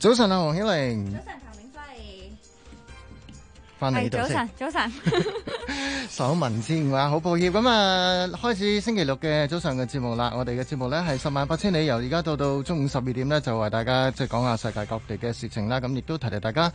早晨啊，黃曉玲。早晨，譚永輝。翻嚟，早晨，早晨。手文先話好抱歉咁啊，開始星期六嘅早上嘅節目啦。我哋嘅節目咧係十萬八千里，由而家到到中午十二點咧，就為大家即係講下世界各地嘅事情啦。咁亦都提提大家。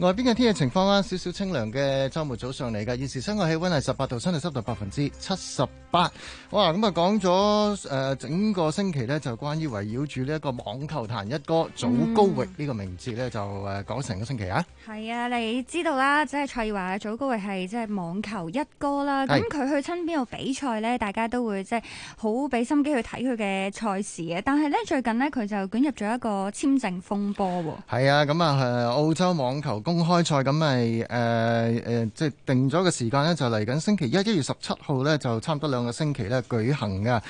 外邊嘅天氣情況啦，啊，少少清涼嘅週末早上嚟嘅。現時室外氣溫係十八度，相對濕度百分之七十八。好哇！咁啊講咗誒整個星期呢，就關於圍繞住呢一個網球壇一哥祖高域呢個名字呢，就誒、呃、講成個星期啊。係啊，你知道啦，即係蔡少華祖高域係即係網球一哥啦。咁佢是去親邊度比賽呢，大家都會即係好俾心機去睇佢嘅賽事嘅。但係呢，最近呢，佢就捲入咗一個簽證風波喎。係啊，咁啊，啊，澳洲網球公開賽咁咪誒誒，即、呃、係、呃呃、定咗個時間呢，就嚟緊星期一，一月十七號呢，就差唔多兩個星期呢舉行嘅。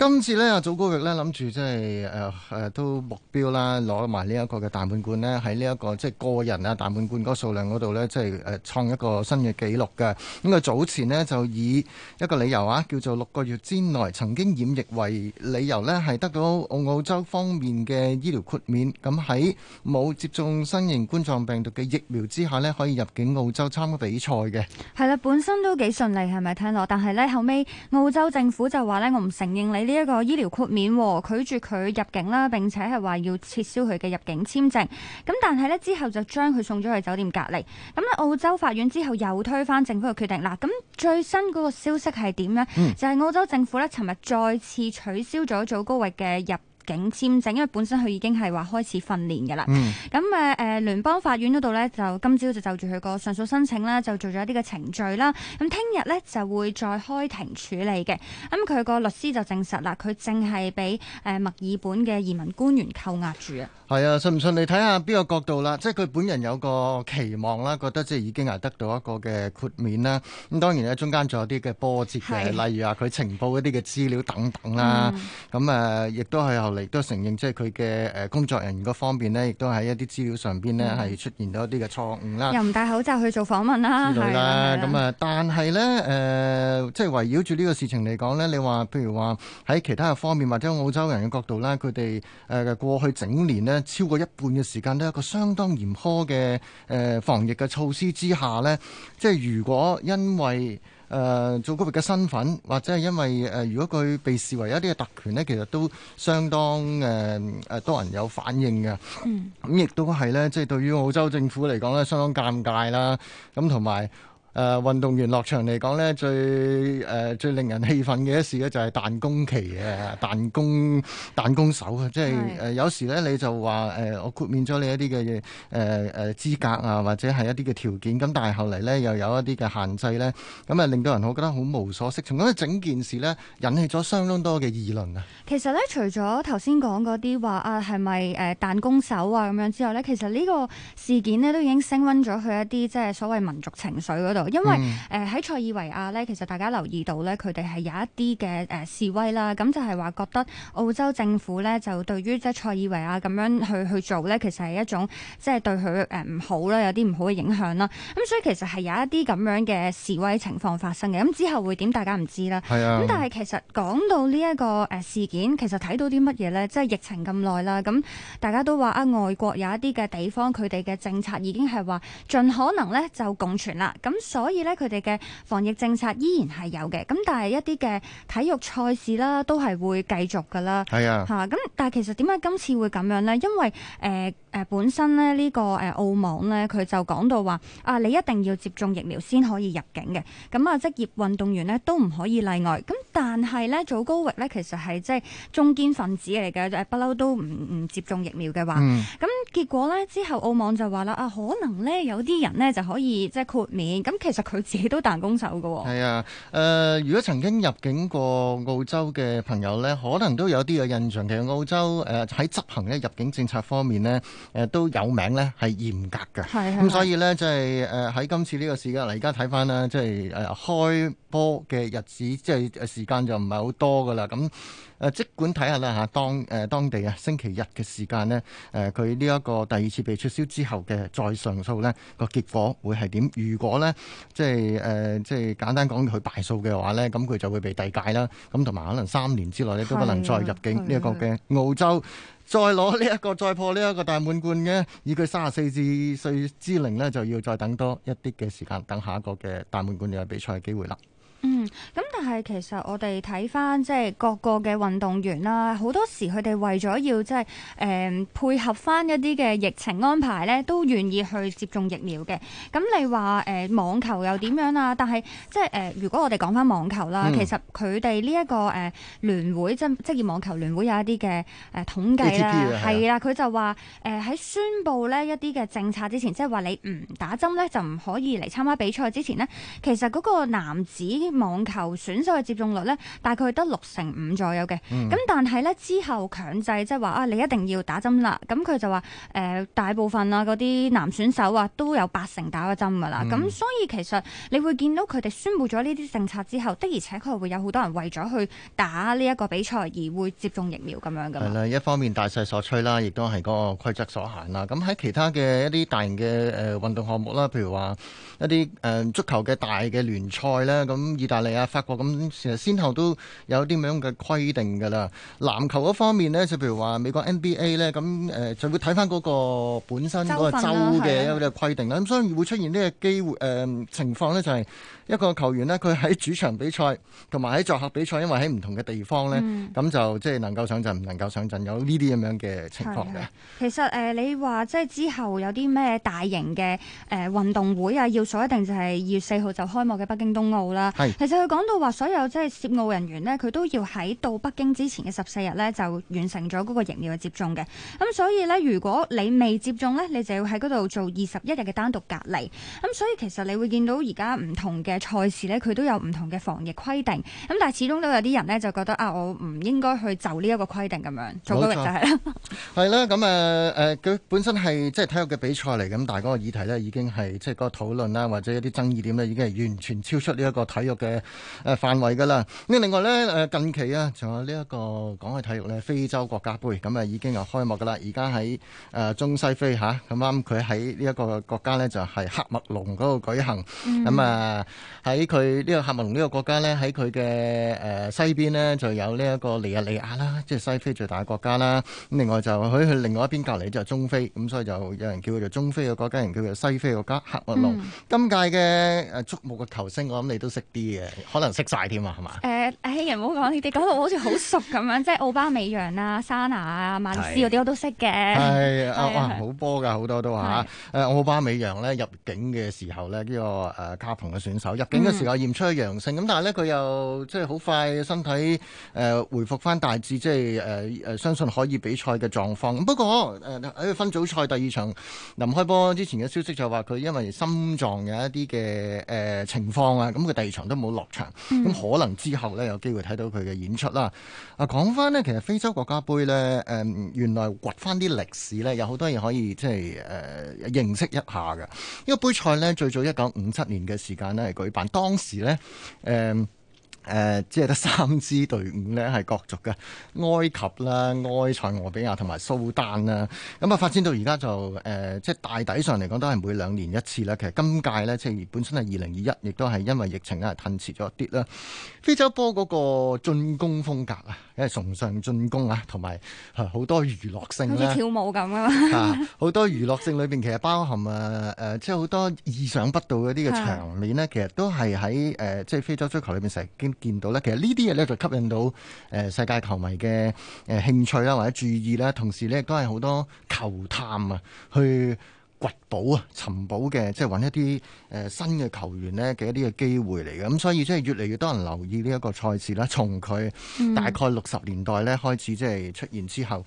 今次呢，阿祖高域呢諗住即係誒誒都目標啦，攞埋呢一個嘅大滿貫咧，這個，喺呢一個即係個人啊大滿貫個數量嗰度咧，即係誒創一個新嘅紀錄嘅。咁佢早前咧就以一個理由啊，叫做六個月之內曾經染疫為理由咧，係得到澳澳洲方面嘅醫療豁免，咁喺冇接種新型冠狀病毒嘅疫苗之下咧，可以入境澳洲參加比賽嘅。係啦，本身都幾順利係咪聽落？但係咧後尾澳洲政府就話咧，我唔承認你。呢一個醫療豁免，拒絕佢入境啦，並且係話要撤銷佢嘅入境簽證。咁但係咧之後就將佢送咗去酒店隔離。咁咧澳洲法院之後又推翻政府嘅決定嗱，咁最新嗰個消息係點呢？嗯、就係澳洲政府咧，尋日再次取消咗祖高域嘅入境。警簽證，嗯、因為本身佢已經係話開始訓練嘅啦。咁誒誒聯邦法院嗰度呢，就今朝就就住佢個上訴申請啦，就做咗一啲嘅程序啦。咁聽日呢，就會再開庭處理嘅。咁佢個律師就證實啦，佢淨係俾誒墨爾本嘅移民官員扣押住啊。係啊，信唔信你睇下邊個角度啦？即係佢本人有個期望啦，覺得即係已經係得到一個嘅豁免啦。咁當然呢，中間仲有啲嘅波折嘅，是例如話佢情報一啲嘅資料等等啦。咁誒、嗯，亦都係由亦都承認，即係佢嘅誒工作人員嗰方面呢，亦都喺一啲資料上邊呢，係、嗯、出現咗一啲嘅錯誤啦。又唔戴口罩去做訪問啦，係啦。咁啊，但係呢，誒、呃，即係圍繞住呢個事情嚟講呢，你話譬如話喺其他嘅方面或者澳洲人嘅角度咧，佢哋誒過去整年呢，超過一半嘅時間都係，一個相當嚴苛嘅誒防疫嘅措施之下呢，即係如果因為誒、呃、做個別嘅身份，或者係因為誒、呃，如果佢被視為一啲嘅特權呢，其實都相當誒誒、呃呃，多人有反應嘅。咁、嗯、亦都係呢，即、就、係、是、對於澳洲政府嚟講呢，相當尷尬啦。咁同埋。誒、呃、運動員落場嚟講呢，最誒、呃、最令人氣憤嘅一事呢，就係彈弓旗、啊、呃、彈弓彈弓手啊，即係誒是、呃、有時呢，你就話誒、呃、我豁免咗你一啲嘅誒誒資格啊，或者係一啲嘅條件，咁但係後嚟呢，又有一啲嘅限制呢，咁、嗯、啊令到人好覺得好無所適從。咁整件事呢，引起咗相當多嘅議論啊。其實呢，除咗頭先講嗰啲話啊，係咪誒彈弓手啊咁樣之後呢，其實呢個事件呢，都已經升溫咗去一啲即係所謂民族情緒嗰度。因為誒喺、嗯呃、塞爾維亞咧，其實大家留意到咧，佢哋係有一啲嘅誒示威啦。咁就係、是、話覺得澳洲政府咧，就對於即係塞爾維亞咁樣去去做咧，其實係一種即係、就是、對佢誒唔好啦，有啲唔好嘅影響啦。咁、嗯、所以其實係有一啲咁樣嘅示威情況發生嘅。咁之後會點，大家唔知啦。係啊。咁但係其實講到呢一個誒事件，其實睇到啲乜嘢咧？即係疫情咁耐啦。咁、嗯、大家都話啊，外國有一啲嘅地方，佢哋嘅政策已經係話盡可能咧就共存啦。咁、嗯所以咧，佢哋嘅防疫政策依然係有嘅，咁但係一啲嘅體育賽事啦，都係會繼續㗎啦。係是的 啊，嚇咁，但係其實點解今次會咁樣咧？因為誒。呃呃、本身咧呢、這個誒、呃、澳網呢，佢就講到話啊，你一定要接種疫苗先可以入境嘅。咁啊，職業運動員呢都唔可以例外。咁、啊、但係呢，祖高域呢其實係即係中堅分子嚟嘅，不嬲都唔唔接種疫苗嘅話，咁、嗯啊、結果呢，之後澳網就話啦啊，可能呢，有啲人呢就可以即係、就是、豁免。咁、啊、其實佢自己都彈弓手㗎喎、哦。係啊，誒、呃、如果曾經入境過澳洲嘅朋友呢，可能都有啲嘅印象，其實澳洲誒喺、呃、執行咧入境政策方面呢。誒，都有名咧，係嚴格嘅。係係。咁所以呢，即係誒、喺、呃、今次呢個事件，嗱，而家睇翻啦，即係誒、呃，開波嘅日子，即係時間就唔係好多噶啦。咁誒，即、呃，管睇下啦吓。當誒、呃、當地啊，星期日嘅時間呢，誒、呃，佢呢一個第二次被取消之後嘅再上訴呢個結果會係點？如果呢，即係誒、呃，即係簡單講，佢敗訴嘅話呢，咁佢就會被遞解啦。咁同埋可能三年之內呢，都不能再入境呢一個嘅澳洲。再攞呢一個再破呢一個大滿貫嘅，以佢三十四至歲之齡呢，就要再等多一啲嘅時間，等下一個嘅大滿貫嘅比賽嘅機會啦。嗯，咁但係其實我哋睇翻即係各個嘅運動員啦，好多時佢哋為咗要即係誒配合翻一啲嘅疫情安排咧，都願意去接種疫苗嘅。咁、嗯、你話誒、呃、網球又點樣啊？但係即係誒、呃、如果我哋講翻網球啦，嗯、其實佢哋呢一個誒聯、呃、會即係職業網球聯會有一啲嘅誒統計啦，係啦，佢就話誒喺宣布咧一啲嘅政策之前，即係話你唔打針咧就唔可以嚟參加比賽之前咧，其實嗰個男子網球選手嘅接種率呢，大概得六成五左右嘅。咁、嗯、但係呢，之後強制即係話啊，你一定要打針啦。咁佢就話誒、呃，大部分啊嗰啲男選手啊都有八成打咗針噶啦。咁、嗯、所以其實你會見到佢哋宣布咗呢啲政策之後，的而且確佢會有好多人為咗去打呢一個比賽而會接種疫苗咁樣噶。係啦，一方面大勢所趨啦，亦都係嗰個規則所限啦。咁喺其他嘅一啲大型嘅誒運動項目啦，譬如話一啲足球嘅大嘅聯賽啦。咁意大嚟啊！法國咁其實先後都有啲咁樣嘅規定㗎啦。籃球嗰方面呢，就譬如話美國 NBA 呢，咁、呃、誒就會睇翻嗰個本身嗰個州嘅份、啊呃、一個規定啦。咁的所以會出現呢個機會誒、呃、情況呢，就係、是。一個球員呢，佢喺主場比賽同埋喺作客比賽，因為喺唔同嘅地方呢，咁、嗯、就即係能夠上陣，唔能夠上陣，有呢啲咁樣嘅情況嘅、嗯。嗯、其實誒、呃，你話即係之後有啲咩大型嘅誒、呃、運動會啊，要數一定就係二月四號就開幕嘅北京冬奧啦。是其實佢講到話，所有即係涉奧人員呢，佢都要喺到北京之前嘅十四日呢，就完成咗嗰個疫苗嘅接種嘅。咁、嗯、所以呢，如果你未接種呢，你就要喺嗰度做二十一日嘅單獨隔離。咁、嗯嗯、所以其實你會見到而家唔同嘅賽事呢，佢都有唔同嘅防疫規定，咁但係始終都有啲人呢，就覺得啊，我唔應該去就呢一個規定咁樣，冇錯就係啦，係啦， 咁誒誒，佢、呃呃、本身係即係體育嘅比賽嚟，咁但係嗰個議題呢已經係即係嗰個討論啦，或者一啲爭議點呢，已經係完全超出呢一個體育嘅誒、呃、範圍㗎啦。咁另外呢，誒、呃、近期啊，仲有呢、呢、一個講起體育呢，非洲國家盃咁啊已經有開幕㗎啦，而家喺誒中西非嚇，咁啱佢喺呢一個國家呢，就係喀麥隆嗰度舉行，咁啊、嗯嗯。喺佢呢個喀麥隆呢個國家咧，喺佢嘅誒西邊呢，就有呢一個尼日利亞啦，即係西非最大國家啦。咁另外就佢去另外一邊隔離就係中非，咁所以就有人叫佢做中非嘅國家，人叫佢西非國家喀麥隆。今屆嘅誒矚目嘅球星，我諗你都識啲嘅，可能識晒添啊，係嘛？誒，人希仁冇講呢啲，講到好似好熟咁樣，即係奧巴美揚啊、沙拿 啊、曼斯嗰啲我都識嘅。係好波㗎，好多都嚇。誒、啊，奧巴美揚呢入境嘅時候呢，呢個誒加蓬嘅選手。入境嘅時候、嗯、驗出咗陽性，咁但係呢佢又即係好快身體誒回復翻大致，即係誒誒相信可以比賽嘅狀況。不過誒喺、呃、分組賽第二場，臨開波之前嘅消息就話佢因為心臟有一啲嘅誒情況啊，咁佢第二場都冇落場，咁、嗯、可能之後呢，有機會睇到佢嘅演出啦。啊，講翻呢，其實非洲國家盃呢，誒、呃，原來掘翻啲歷史呢，有好多嘢可以即係誒、呃、認識一下嘅。呢個杯賽呢，最早一九五七年嘅時間呢係舉。但當時咧，誒、呃。誒，即係得三支隊伍咧，係各族嘅埃及啦、埃塞俄比亞同埋蘇丹啦。咁啊，嗯、發展到而家就誒、呃，即係大抵上嚟講都係每兩年一次啦。其實今屆咧，即係本身係二零二一，亦都係因為疫情咧係褪遲咗一啲啦。非洲波嗰個進攻風格啊，因為崇尚進攻啊，同埋好多娛樂性咧，好似跳舞咁啊。好多娛樂性裏邊其實包含啊誒、呃，即係好多意想不到嗰啲嘅場面呢，的其實都係喺誒，即係非洲足球裏邊成見。見到咧，其實呢啲嘢咧就吸引到誒、呃、世界球迷嘅誒、呃、興趣啦、啊，或者注意啦、啊，同時咧亦都係好多球探啊去。掘寶啊，尋寶嘅，即係揾一啲誒、呃、新嘅球員呢嘅一啲嘅機會嚟嘅，咁所以即係越嚟越多人留意呢一個賽事啦。從佢大概六十年代呢開始，即係出現之後，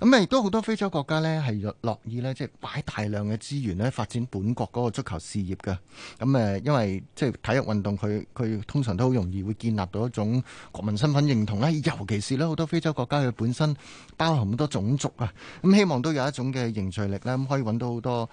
咁誒亦都好多非洲國家呢係樂意呢，即係擺大量嘅資源呢發展本國嗰個足球事業嘅。咁、嗯、誒，因為即係體育運動，佢佢通常都好容易會建立到一種國民身份認同啦，尤其是呢好多非洲國家佢本身包含好多種族啊，咁、嗯、希望都有一種嘅凝聚力呢，咁、嗯、可以揾到好多。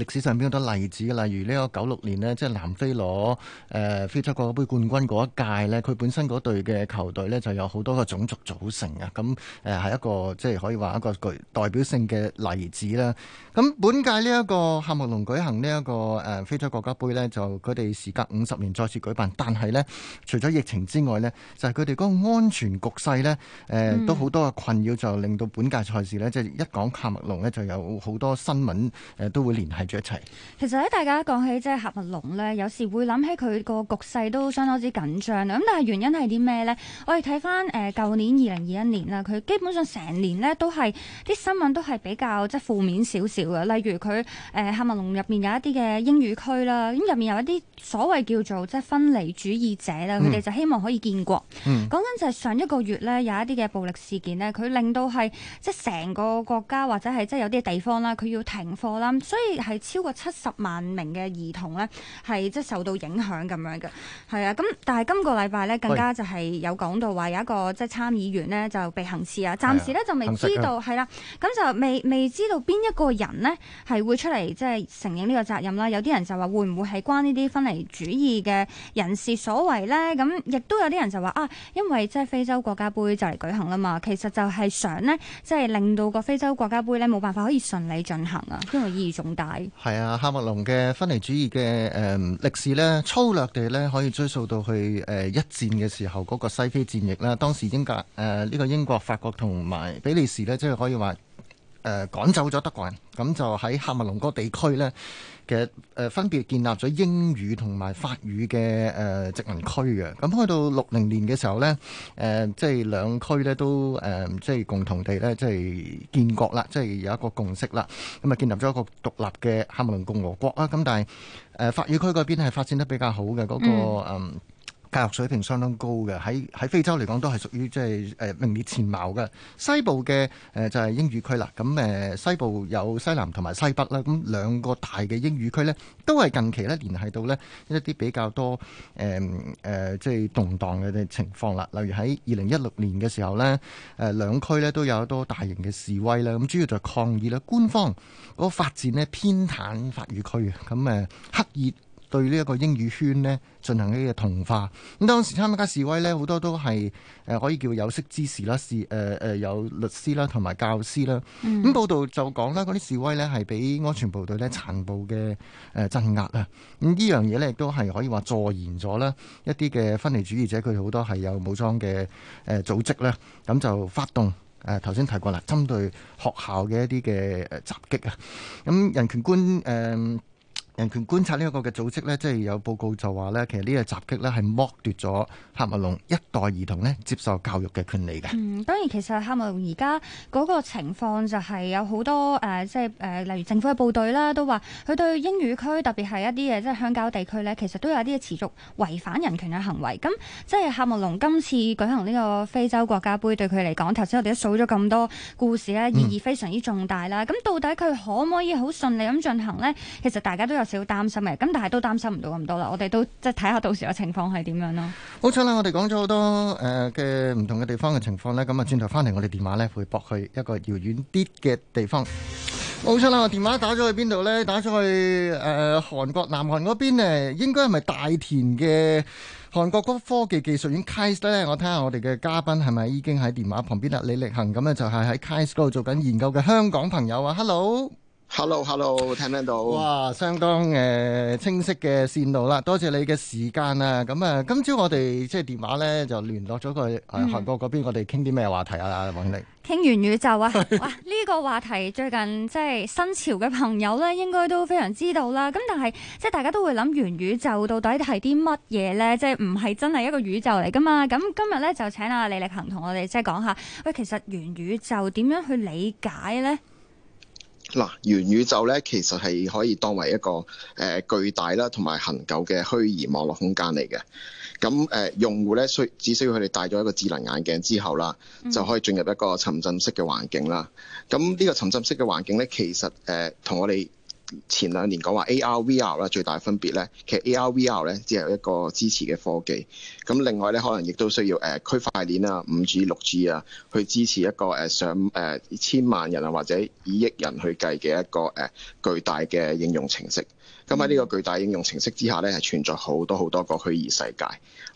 歷史上邊好多例子，例如呢個九六年呢，即係南非攞誒、呃、非洲國家盃冠軍嗰一屆呢，佢本身嗰隊嘅球隊呢，就有好多個種族組成啊。咁誒係一個即係可以話一個具代表性嘅例子啦。咁本屆呢一個喀麥隆舉行呢、這、一個誒、呃、非洲國家盃呢，就佢哋時隔五十年再次舉辦，但係呢，除咗疫情之外呢，就係佢哋嗰個安全局勢呢，誒、呃、都好多嘅困擾，就令到本屆賽事呢，嗯、即係一講喀麥隆呢，就有好多新聞誒都會聯繫住一齊。其實咧，大家講起即係喀麥隆咧，有時會諗起佢個局勢都相當之緊張。咁但係原因係啲咩咧？我哋睇翻誒舊年二零二一年啦，佢基本上成年咧都係啲新聞都係比較即係負面少少嘅。例如佢誒喀麥隆入面有一啲嘅英語區啦，咁入面有一啲所謂叫做即係分離主義者啦，佢哋、嗯、就希望可以建國。講緊就係上一個月咧有一啲嘅暴力事件咧，佢令到係即係成個國家或者係即係有啲地方啦，佢要停課啦，所以係。超過七十萬名嘅兒童咧，係即係受到影響咁樣嘅係啊。咁但係今個禮拜咧，更加就係有講到話有一個即係參議員咧就被行刺啊。暫時咧就未知道係啦，咁就未未知道邊一個人呢係會出嚟，即係承認呢個責任啦。有啲人就話會唔會係關呢啲分離主義嘅人士所為咧？咁亦都有啲人就話啊，因為即係非洲國家盃就嚟舉行啦嘛，其實就係想呢，即係令到個非洲國家盃咧冇辦法可以順利進行啊，因為意義重大。係啊，喀麥隆嘅分離主義嘅誒歷史咧，粗略地咧可以追溯到去誒、呃、一戰嘅時候嗰個西非戰役啦。當時英格誒呢、呃這個英國、法國同埋比利時咧，即、就、係、是、可以話。誒趕、呃、走咗德國人，咁就喺喀麥隆嗰個地區咧，其實誒、呃、分別建立咗英語同埋法語嘅誒殖民區嘅。咁、嗯、去到六零年嘅時候咧，誒、呃、即係兩區咧都誒即係共同地咧即係建國啦，即係有一個共識啦。咁啊建立咗一個獨立嘅喀麥隆共和國啊。咁但係誒法語區嗰邊係發展得比較好嘅嗰個教育水平相當高嘅，喺喺非洲嚟講都係屬於即係誒名列前茅嘅。西部嘅誒、呃、就係、是、英語區啦，咁、嗯、誒西部有西南同埋西北啦，咁、嗯、兩個大嘅英語區呢，都係近期呢聯繫到呢一啲比較多誒誒即係動盪嘅情況啦。例如喺二零一六年嘅時候呢，誒兩區呢都有一多大型嘅示威啦，咁、嗯、主要就係抗議啦，官方嗰發展呢，偏袒法語區，咁、嗯、誒、呃、刻意。對呢一個英語圈咧進行呢個同化。咁當時參加示威咧，好多都係誒、呃、可以叫有識之士啦，示誒誒有律師啦，同埋教師啦。咁、嗯、報道就講啦，嗰啲示威咧係俾安全部隊咧殘暴嘅誒、呃、鎮壓啊。咁、嗯、依樣嘢咧亦都係可以話助延咗啦。一啲嘅分離主義者佢好多係有武裝嘅誒、呃、組織啦。咁、呃、就發動誒頭先提過啦，針對學校嘅一啲嘅誒襲擊啊。咁、嗯、人權觀誒。呃呃呃呃人權觀察呢一個嘅組織呢，即係有報告就話呢，其實呢個襲擊呢係剝奪咗喀麥隆一代兒童呢接受教育嘅權利嘅。嗯，當然其實喀麥隆而家嗰個情況就係有好多誒、呃，即係誒、呃，例如政府嘅部隊啦，都話佢對英語區，特別係一啲嘅即係鄉郊地區呢，其實都有一啲持續違反人權嘅行為。咁即係喀麥隆今次舉行呢個非洲國家盃，對佢嚟講，頭先我哋都數咗咁多故事呢，意義非常之重大啦。咁、嗯、到底佢可唔可以好順利咁進行呢？其實大家都有少擔心嘅，咁但係都擔心唔到咁多啦。我哋都即係睇下到時嘅情況係點樣咯。好彩啦，我哋講咗好多誒嘅唔同嘅地方嘅情況呢咁啊轉頭翻嚟我哋電話呢會駁去一個遙遠啲嘅地方。冇錯啦，我電話打咗去邊度呢？打咗去誒、呃、韓國南韓嗰邊咧，應該係咪大田嘅韓國嗰科技技術院 KAIST 咧？我睇下我哋嘅嘉賓係咪已經喺電話旁邊啦？李力恒咁呢就係喺 KAIST 嗰度做緊研究嘅香港朋友啊，Hello！Hello，Hello，聽 hello, 唔聽到？哇，相當誒、呃、清晰嘅線路啦，多謝你嘅時間啊！咁、嗯、啊，今朝我哋即係電話咧就聯絡咗佢誒，韓國嗰邊，我哋傾啲咩話題啊？王力，傾元宇宙啊！ 哇，呢、這個話題最近即係新潮嘅朋友咧，應該都非常知道啦。咁但係即係大家都會諗元宇宙到底係啲乜嘢咧？即係唔係真係一個宇宙嚟噶嘛？咁今日咧就請阿李力恒同我哋即係講下喂，其實元宇宙點樣去理解咧？嗱，元宇宙咧，其實係可以當為一個誒、呃、巨大啦，同埋恒久嘅虛擬網絡空間嚟嘅。咁、嗯、誒，用戶咧需只需要佢哋戴咗一個智能眼鏡之後啦，就可以進入一個沉浸式嘅環境啦。咁呢個沉浸式嘅環境咧，其實誒同、呃、我哋前兩年講話 AR、VR 啦，最大分別咧，其實 AR、VR 咧只係一個支持嘅科技，咁另外咧可能亦都需要誒、呃、區塊鏈啊、五 G、六 G 啊，去支持一個誒、呃、上誒、呃、千萬人啊或者以億人去計嘅一個誒、呃、巨大嘅應用程式。咁喺呢個巨大應用程式之下咧，係存在好多好多個虛擬世界，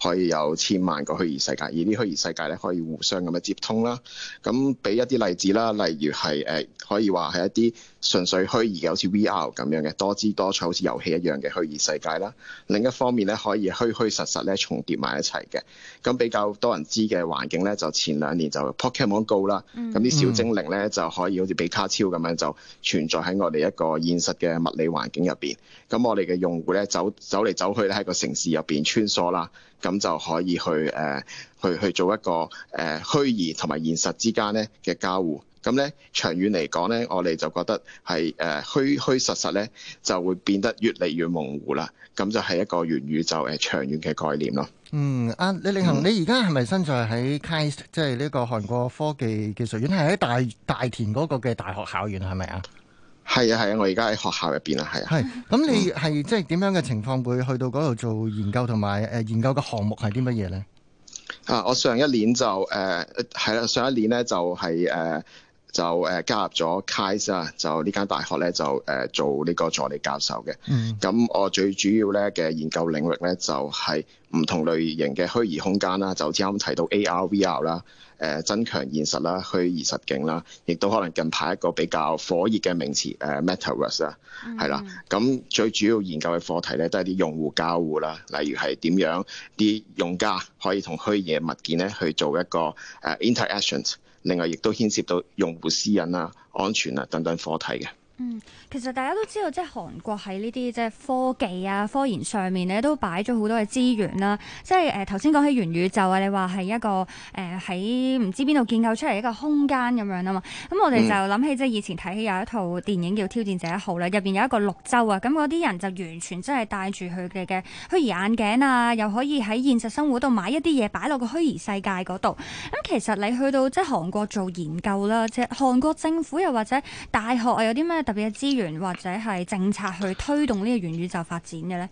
可以有千萬個虛擬世界，而啲虛擬世界咧可以互相咁樣接通啦。咁俾一啲例子啦，例如係誒、呃、可以話係一啲純粹虛擬嘅，好似 VR 咁樣嘅多姿多彩，好似遊戲一樣嘅虛擬世界啦。另一方面咧，可以虛虛實實咧重疊埋一齊嘅。咁比較多人知嘅環境咧，就前兩年就 Pokemon Go 啦。咁啲小精靈咧就可以好似比卡超咁樣就存在喺我哋一個現實嘅物理環境入邊。咁我哋嘅用戶咧走走嚟走去咧喺個城市入邊穿梭啦，咁就可以去誒、呃、去去做一個誒、呃、虛擬同埋現實之間咧嘅交互。咁咧長遠嚟講咧，我哋就覺得係誒、呃、虛虛實實咧就會變得越嚟越模糊啦。咁就係一個元宇宙誒長遠嘅概念咯。嗯，阿李力恒，你而家係咪身在喺 KAIST 即係呢個韓國科技技術院？係喺大大田嗰個嘅大學校園係咪啊？係啊，係啊，我而家喺學校入邊啊，係。係，咁你係即係點樣嘅情況會去到嗰度做研究同埋誒研究嘅項目係啲乜嘢咧？啊，我上一年就誒係啦，上一年咧就係、是、誒。呃就誒加入咗 KAIST 啊，就呢間大學咧就誒做呢個助理教授嘅。咁、嗯、我最主要咧嘅研究領域咧就係、是、唔同類型嘅虛擬空間啦，就之啱提到 AR、VR 啦、呃，誒增強現實啦、虛擬實境啦，亦都可能近排一個比較火熱嘅名詞誒 Metaverse 啊，係、呃、啦。咁、嗯、最主要研究嘅課題咧都係啲用戶交互啦，例如係點樣啲用家可以同虛擬嘅物件咧去做一個誒 interactions。Uh, Inter s 另外，亦都牽涉到用戶私隱啊、安全啊等等課題嘅。嗯，其實大家都知道，即係韓國喺呢啲即係科技啊、科研上面咧都擺咗好多嘅資源啦、啊。即係誒頭先講起元宇宙啊，你話係一個誒喺唔知邊度建構出嚟一個空間咁樣啊嘛。咁我哋就諗起即係、嗯、以前睇起有一套電影叫《挑戰者一號》啦，入邊有一個綠洲啊。咁嗰啲人就完全真係戴住佢哋嘅虛擬眼鏡啊，又可以喺現實生活度買一啲嘢擺落個虛擬世界嗰度。咁其實你去到即係韓國做研究啦，即係韓國政府又或者大學啊，又有啲咩？特別嘅資源或者係政策去推動呢個元宇宙發展嘅咧？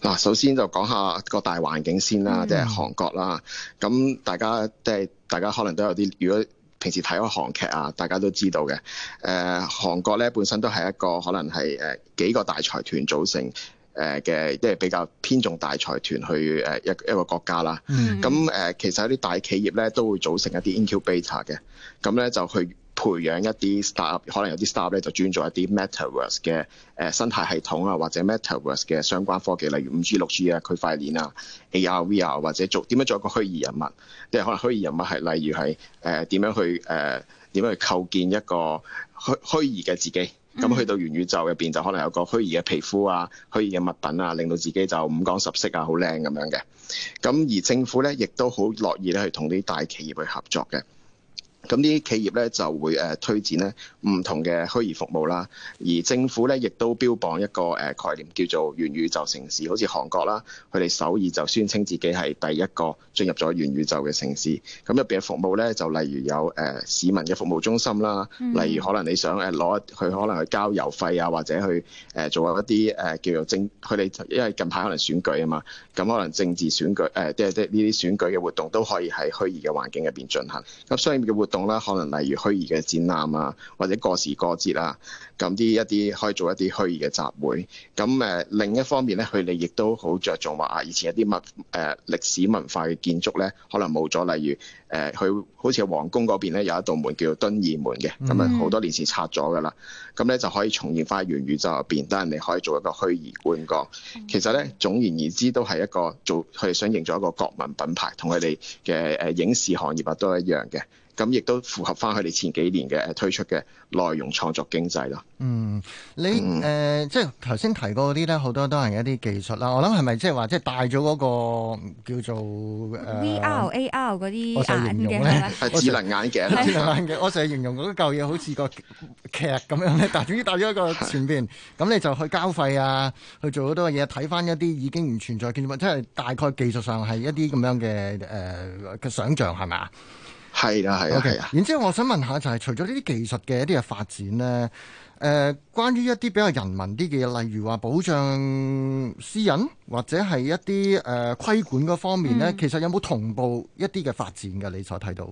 嗱，首先就講下個大環境先啦，嗯、即係韓國啦。咁大家即係大家可能都有啲，如果平時睇嗰韓劇啊，大家都知道嘅。誒、呃，韓國咧本身都係一個可能係誒幾個大財團組成誒嘅，即、呃、係比較偏重大財團去誒一一個國家啦。咁誒、嗯呃，其實有啲大企業咧都會組成一啲 incubator 嘅，咁咧就去，培養一啲 startup 可能有啲 startup 咧就專做一啲 metaverse 嘅誒、呃、生態系統啊，或者 metaverse 嘅相關科技，例如五 G、六 G 啊，區塊鏈啊、AR、VR、啊、或者做點樣做一個虛擬人物，即係可能虛擬人物係例如係誒點樣去誒點樣去構建一個虛虛擬嘅自己，咁、嗯、去到元宇宙入邊就可能有個虛擬嘅皮膚啊、虛擬嘅物品啊，令到自己就五光十色啊、好靚咁樣嘅。咁而政府咧亦都好樂意咧去同啲大企業去合作嘅。咁呢啲企業咧就會誒推薦咧唔同嘅虛擬服務啦，而政府咧亦都標榜一個誒概念叫做元宇宙城市，好似韓國啦，佢哋首爾就宣稱自己係第一個進入咗元宇宙嘅城市。咁入邊嘅服務咧就例如有誒市民嘅服務中心啦，例如可能你想誒攞佢可能去交郵費啊，或者去誒做一啲誒叫做政，佢哋因為近排可能選舉啊嘛，咁可能政治選舉誒即係即係呢啲選舉嘅活動都可以喺虛擬嘅環境入邊進行。咁商業嘅活動啦，可能例如虛擬嘅展覽啊，或者過時過節啊，咁啲一啲可以做一啲虛擬嘅集會。咁誒、呃、另一方面咧，佢哋亦都好着重話啊，以前一啲物誒、呃、歷史文化嘅建築咧，可能冇咗，例如誒佢好似喺皇宮嗰邊咧有一道門叫做敦義門嘅，咁啊好多年前拆咗噶啦。咁咧就可以重現翻喺元宇宙入邊，得人哋可以做一個虛擬觀光。其實咧總而言之都係一個做佢哋想營造一個國民品牌，同佢哋嘅誒影視行業啊都一樣嘅。咁亦都符合翻佢哋前幾年嘅推出嘅內容創作經濟咯。嗯，你誒即係頭先提過嗰啲咧，好多都係一啲技術啦。我諗係咪即係話即係帶咗嗰個叫做 V R A R 嗰啲眼鏡咧？係智能眼鏡。智能眼鏡。我成日形容嗰嚿嘢好似個劇咁樣咧，但係總之帶咗一個前邊，咁你就去交費啊，去做好多嘢，睇翻一啲已經唔存在嘅建築物，即係大概技術上係一啲咁樣嘅誒嘅想象，係咪啊？係啦，係啊。Okay, 然之後，我想問下，就係、是、除咗呢啲技術嘅一啲嘅發展咧，誒、呃，關於一啲比較人民啲嘅，例如話保障私隱或者係一啲誒規管嗰方面咧，嗯、其實有冇同步一啲嘅發展嘅？你所睇到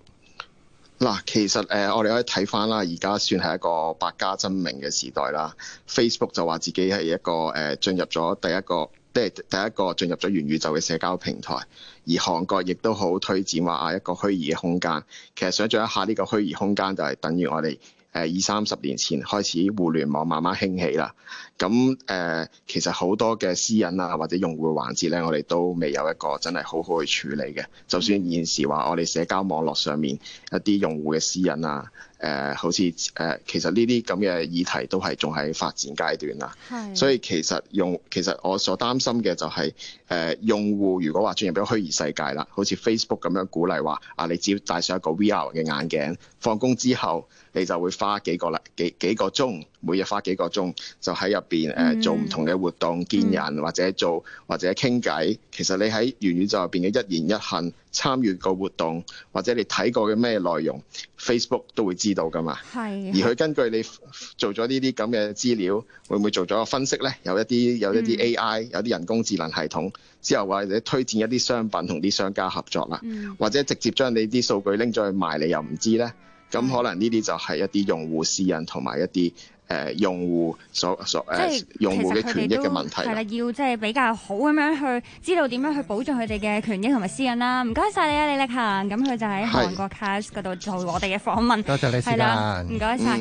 嗱，其實誒、呃，我哋可以睇翻啦，而家算係一個百家爭鳴嘅時代啦。Facebook 就話自己係一個誒進、呃、入咗第一個。即係第一個進入咗元宇宙嘅社交平台，而韓國亦都好推薦話啊一個虛擬嘅空間。其實想像一下呢個虛擬空間，就係等於我哋誒二三十年前開始互聯網慢慢興起啦。咁誒、呃，其實好多嘅私隱啊，或者用戶環節呢，我哋都未有一個真係好好去處理嘅。就算現時話我哋社交網絡上面一啲用戶嘅私隱啊。誒、呃，好似誒、呃，其實呢啲咁嘅議題都係仲喺發展階段啦，係是，所以其實用其實我所擔心嘅就係、是、誒、呃，用戶如果話進入咗虛擬世界啦，好似 Facebook 咁樣鼓勵話，啊，你只要戴上一個 VR 嘅眼鏡，放工之後你就會花幾個禮幾幾個鐘。每日花幾個鐘就喺入邊誒做唔同嘅活動、嗯、見人或者做或者傾偈。其實你喺元宇宙入邊嘅一言一行、參與個活動或者你睇過嘅咩內容，Facebook 都會知道噶嘛。係的。而佢根據你做咗呢啲咁嘅資料，會唔會做咗個分析呢？有一啲有一啲 AI，有啲人工智能系統，之後或者推薦一啲商品同啲商家合作啦，嗯 okay. 或者直接將你啲數據拎咗去賣，你又唔知呢。咁可能呢啲就係一啲用戶私隱同埋一啲。誒、呃、用戶所所誒誒、呃、是用戶嘅權益嘅問題係啦，要即係比較好咁樣去知道點樣去保障佢哋嘅權益同埋私隱啦。唔該晒你啊，李力恒，咁佢就喺韓國 Cast 度做我哋嘅訪問，多謝你係啦，唔該晒。